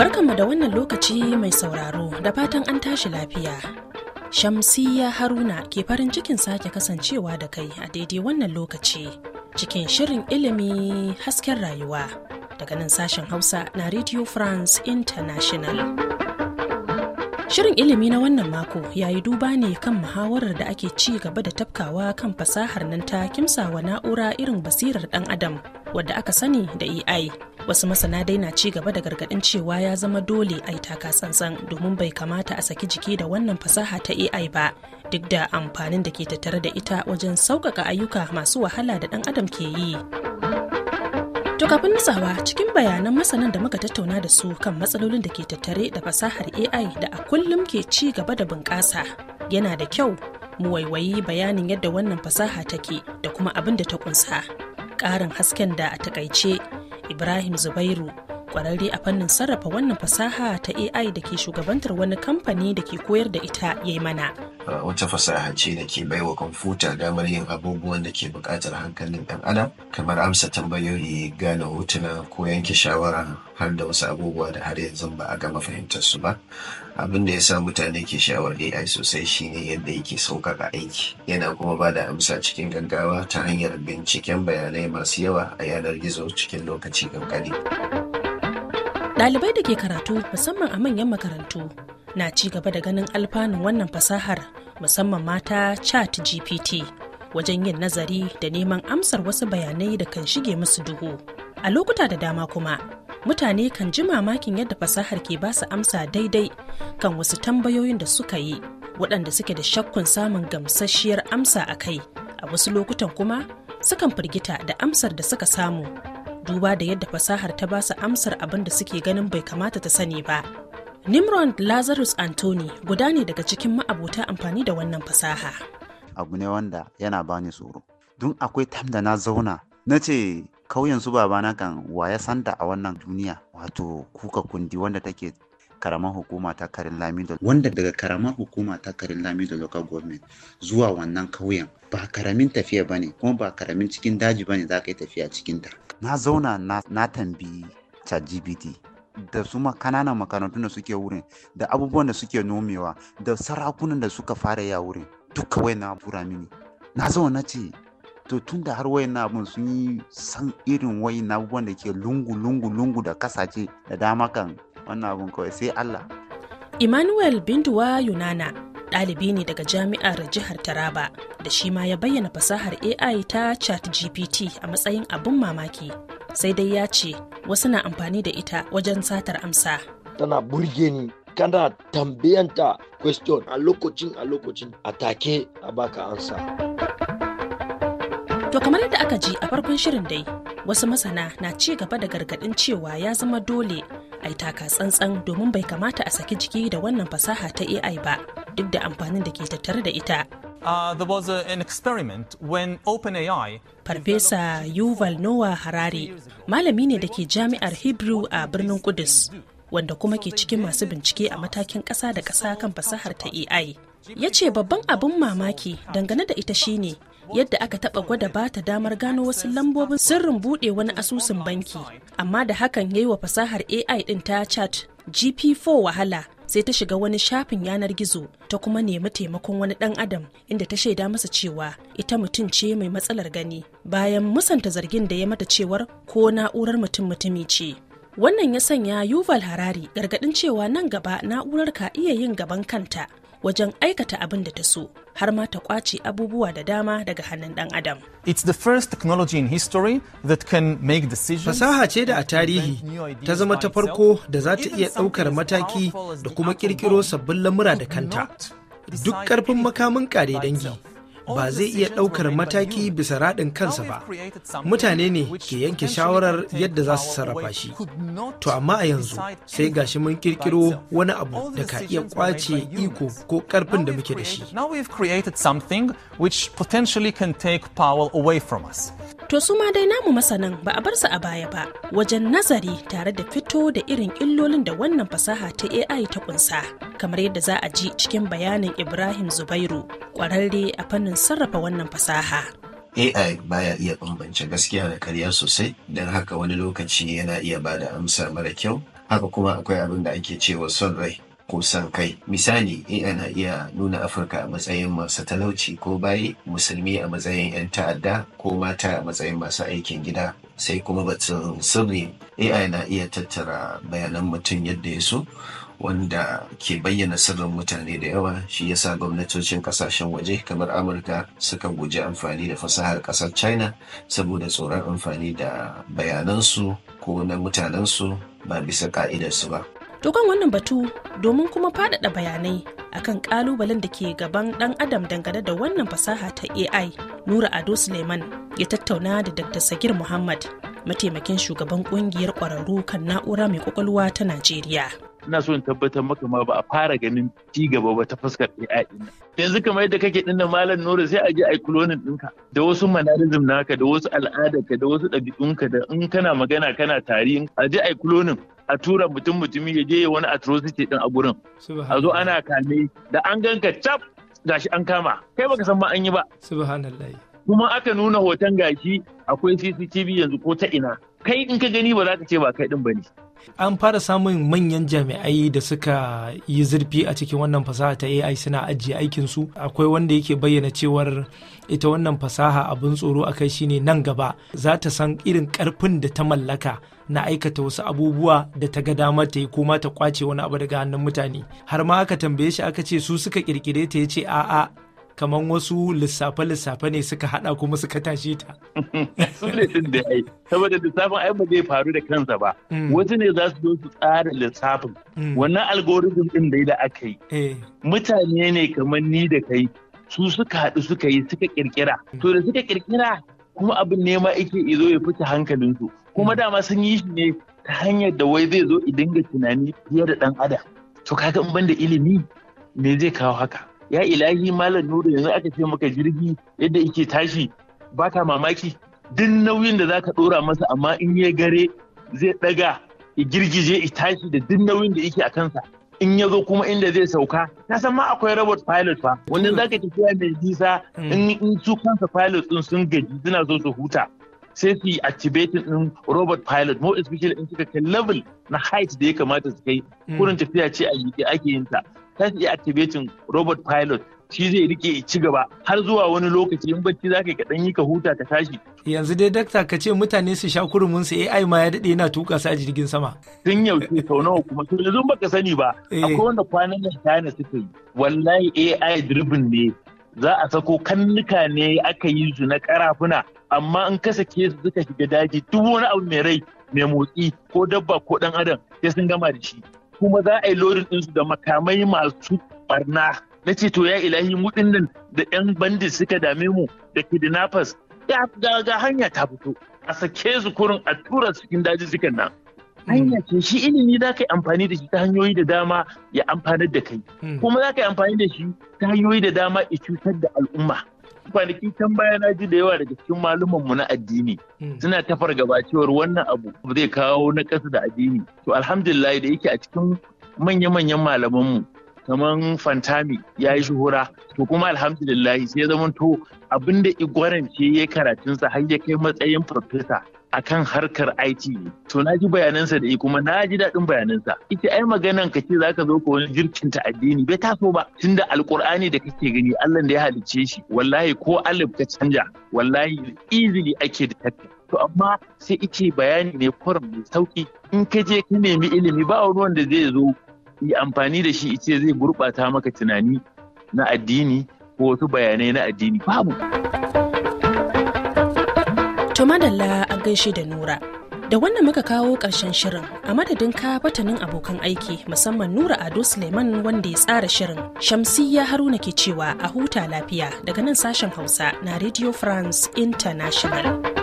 Barkanmu da wannan lokaci mai sauraro da fatan an tashi lafiya. Shamsiyya Haruna ke farin cikin sake kasancewa da kai a daidai wannan lokaci cikin shirin ilimi hasken rayuwa daga nan sashen Hausa na Radio France International. Shirin ilimi na wannan mako yayi duba ne kan muhawarar da ake ci gaba da tafkawa kan fasahar nan ta kimsawa na'ura irin basirar ɗan adam wadda aka sani da AI. wasu masana dai na ci gaba da gargaɗin cewa ya zama dole a yi taka tsantsan domin bai kamata a saki jiki da wannan fasaha ta ai ba duk da amfanin da ke tattare da ita wajen sauƙaƙa ayyuka masu wahala da ɗan adam ke yi to kafin nutsawa cikin bayanan masanan da muka tattauna da su kan matsalolin da ke tattare da fasahar ai da a kullum ke ci gaba da bunƙasa yana da kyau mu waiwayi bayanin yadda wannan fasaha take da kuma abin da ta ƙunsa ƙarin hasken da a takaice Ibrahim Zubairu kwararre a fannin sarrafa wannan fasaha ta ai da ke shugabantar wani kamfani da ke koyar da ita ya yi mana wata fasaha ce da ke baiwa kwamfuta damar yin abubuwan da ke buƙatar hankalin ɗan adam kamar amsa tambayoyi gane hotuna ko yanke shawara har da wasu abubuwa da har yanzu ba a gama fahimtar su ba abin da ya sa mutane ke sha'awar ai sosai shine yadda yake sauƙaƙa aiki yana kuma ba da amsa cikin gaggawa ta hanyar binciken bayanai masu yawa a yanar gizo cikin lokaci ƙanƙani. Ɗalibai da ke karatu musamman a manyan makarantu na ci gaba da ganin alfanun wannan fasahar musamman mata chat GPT wajen yin nazari da neman amsar wasu bayanai da kan shige musu duhu. A lokuta da dama kuma, mutane kan ji mamakin yadda fasahar ke ba su amsa daidai kan wasu tambayoyin da suka yi waɗanda suke da shakkun samun gamsasshiyar amsa a kai. A wasu lokutan kuma, sukan firgita da amsar da suka samu duba da yadda fasahar ta basu amsar abin da suke ganin bai kamata ta sani ba nimrod lazarus anthony guda ne daga cikin ma'abota amfani da wannan fasaha abu ne wanda yana bani tsoro don akwai tam da na zauna na ce kauyen su babana kan waya santa a wannan duniya wato kuka kundi wanda take karamar hukuma ta karin lamido wanda daga karamar hukuma ta karin lamido local government zuwa wannan kauyen ba karamin tafiya bane kuma ba karamin cikin daji bane za ka yi tafiya cikin ta na zauna na tambayi ChatGPT da su kananan makarantun da suke wurin da abubuwan da suke nomewa da sarakunan da suka fara ya wurin duka wai na bura mini na zauna na ce to tun da har wayan abun sun yi san irin wayan abubuwan da ke lungu lungu lungu da kasace da dama kan wannan abun kawai sai Allah. Emmanuel Binduwa Yunana ɗalibi ne daga jami'ar jihar Taraba da shi ma ya bayyana fasahar AI ta ChatGPT a matsayin abin mamaki sai dai ya ce wasu na amfani da ita wajen satar amsa. Tana burge ni kana tambayanta question a lokacin a lokacin a take a baka ansa. To kamar yadda aka ji a farkon shirin dai wasu masana na ci gaba da gargaɗin cewa ya zama dole ai taka tsantsan domin bai kamata a saki jiki da wannan fasaha ta AI ba duk da amfanin da ke tattare da ita. Uh, there was a, Farfesa Yuval Noah Harari malami ne da ke jami'ar Hebrew a birnin Kudus wanda kuma ke cikin masu bincike a matakin ƙasa da ƙasa kan fasahar ta AI. Ya ce babban abin mamaki dangane da ita shine yadda aka taɓa gwada ba ta damar gano wasu lambobin sirrin buɗe wani asusun banki amma da hakan ya yi wa fasahar ai din ta chat gp4 wahala sai ta shiga wani shafin yanar gizo ta kuma nemi taimakon wani ɗan adam inda ta shaida masa cewa ita mutum ce mai matsalar gani bayan musanta zargin da ya mata cewar ko na'urar mutum mutumi ce wannan ya sanya yuval harari gargadin cewa nan gaba na'urar ka iya yin gaban kanta wajen aikata abin da ta so har ma ta kwace abubuwa da dama daga hannun dan adam. It's the first technology in history that can make decisions. Fasaha ce da a tarihi ta zama ta farko da za ta iya ɗaukar mataki da kuma ƙirƙiro sabbin lamura da kanta. Duk ƙarfin makamin ƙare dangi ba zai iya ɗaukar mataki bisa raɗin kansa ba mutane ne ke yanke shawarar yadda za su sarrafa shi to amma a yanzu sai gashi mun kirkiro wani abu da ka iya kwace iko ko ƙarfin da muke da shi To su ma dai namu masanan ba a bar su a baya ba wajen nazari tare da fito da irin illolin da wannan fasaha ta AI ta kunsa. Kamar yadda za a ji cikin bayanin Ibrahim Zubairu kwararre a fannin sarrafa wannan fasaha. AI baya iya bambance gaskiya da karya sosai don haka wani lokaci yana iya ba da amsa mara kyau haka kuma akwai abin da ake cewa son rai kusan kai misali na iya nuna afirka a matsayin masu talauci ko bayi musulmi a matsayin 'yan ta'adda ko mata a matsayin masu aikin gida sai kuma batun sirri ai na iya tattara bayanan mutum yadda ya so wanda ke bayyana sirrin mutane da yawa shi yasa gwamnatocin kasashen waje kamar amurka suka guji amfani da fasahar kasar china saboda tsoron amfani da bayanansu ko na mutanensu ba bisa ka'idarsu ba dogon wannan batu domin kuma faɗaɗa bayanai akan kalubalen da ke gaban ɗan adam dangane da wannan fasaha ta ai nura ado suleiman ya tattauna da dr sagir muhammad mataimakin shugaban ƙungiyar ƙwararru kan na'ura mai ƙwaƙwalwa ta najeriya ina so in tabbatar maka ma ba a fara ganin ci gaba ba ta fuskar AI yanzu kamar yadda kake dinnan malam Nura sai a je a cloning ɗinka da wasu manalism naka da wasu al'adarka da wasu ɗabi'unka da in kana magana kana tari a je a cloning a tura mutum mutumi ya je wani atrocity din a gurin a zo ana kame da an ganka cap gashi an kama kai baka san ma an yi ba subhanallahi kuma aka nuna hoton gashi akwai CCTV yanzu ko ta ina kai in ka gani ba za ka ce ba kai din bane an fara samun manyan jami'ai da suka yi zurfi a cikin wannan fasaha ta ai suna ajiye aikinsu akwai wanda yake bayyana cewar ita wannan fasaha abin tsoro a kai shine nan gaba za ta san irin karfin da ta mallaka na aikata wasu abubuwa da ta ga damar ta yi ko ma ta kwace wani abu daga hannun mutane har ma aka tambaye shi aka ce su suka kirkire ta ya ce a'a kamar wasu lissafe-lissafe ne suka hada kuma suka tashe ta. Sun da ya ai, saboda lissafin ai ba zai faru da kansa ba. Mm. Wasu ne za su zo su tsara lissafin. Mm. Wannan algorithm din da da aka yi. Eh. Mutane ne kamar ni da kai su suka haɗu suka yi suka kirkira. To da suka kirkira kuma abin nema yake izo ya fita hankalinsu. Kuma mm. dama sun yi shi ne ta hanyar da wai zai zo idan dinga tunani fiye da ɗan adam. To kaga in ban da ilimi me zai kawo haka? ya ilahi malam nuru yanzu aka ce maka jirgi yadda yake tashi ba ta mamaki duk nauyin da zaka dora masa amma in ya gare zai daga ya girgije ya tashi da duk nauyin da yake a kansa in ya zo kuma inda zai sauka na san ma akwai robot pilot fa wanda zaka tafiya mai nisa in su kansa pilot din sun gaji suna so su huta sai su yi activating din robot pilot more especially in suka kai level na height da ya kamata su kai hmm. kurin tafiya ce a yi ake yin ta sai su activating robot pilot shi zai rike ci gaba har zuwa wani lokaci in bacci za ka dan yi ka huta ka tashi. Yanzu dai dakta ka ce mutane su sha kurumin su AI ma ya daɗe yana tuka su jirgin sama. Tun yaushe sau nawa kuma to yanzu baka sani ba eh. akwai wanda kwanan nan China suka yi wallahi AI driven ne za a sako kannuka ne aka yi su na karafuna amma in ka sake su suka shiga daji duk wani abu mai rai mai motsi ko dabba ko dan adam sai sun gama da shi kuma za a yi lorin ɗinsu da makamai masu barna na ce to ya ilahi mu da yan bandit suka dame mu da kidnappers ya ga hanya ta fito a sake su kurin a tura cikin daji suka nan hanya ce shi ilimi za ka yi amfani da shi ta hanyoyi da dama ya amfanar da kai hmm. kuma za ka yi amfani da shi ta hanyoyi da dama ya cutar da al'umma kwanaki can baya na ji da yawa daga cikin malumin mu na addini hmm. suna ta fargaba cewar wannan abu zai kawo na ƙasa da addini to alhamdulillah da yake a cikin manya-manyan malaman mu kamar fantami ya yi shuhura to kuma alhamdulillah sai zama to abinda ce ya karatunsa har ya kai matsayin farfesa A kan harkar IT to na ji bayanansa da kuma na ji daɗin bayanansa ita ai maganan ka ce zaka zo ka wani jirkin ta addini bai taso ba tunda alkur'ani da kake gani Allah da ya halicce shi wallahi ko alif ka canja wallahi easily ake da to amma sai ice bayani ne kwaram mai sauki in ka je ka nemi ilimi ba wani wanda zai zo yi amfani da shi ice zai gurɓata maka tunani na addini ko wasu bayanai na addini babu. To madalla a gaishe da Nura. Da wannan muka kawo ƙarshen shirin a madadin ka fatanin abokan aiki musamman Nura Ado Suleiman wanda ya tsara shirin. Shamsiyya Haruna ke cewa a huta lafiya daga nan sashen Hausa na Radio France International.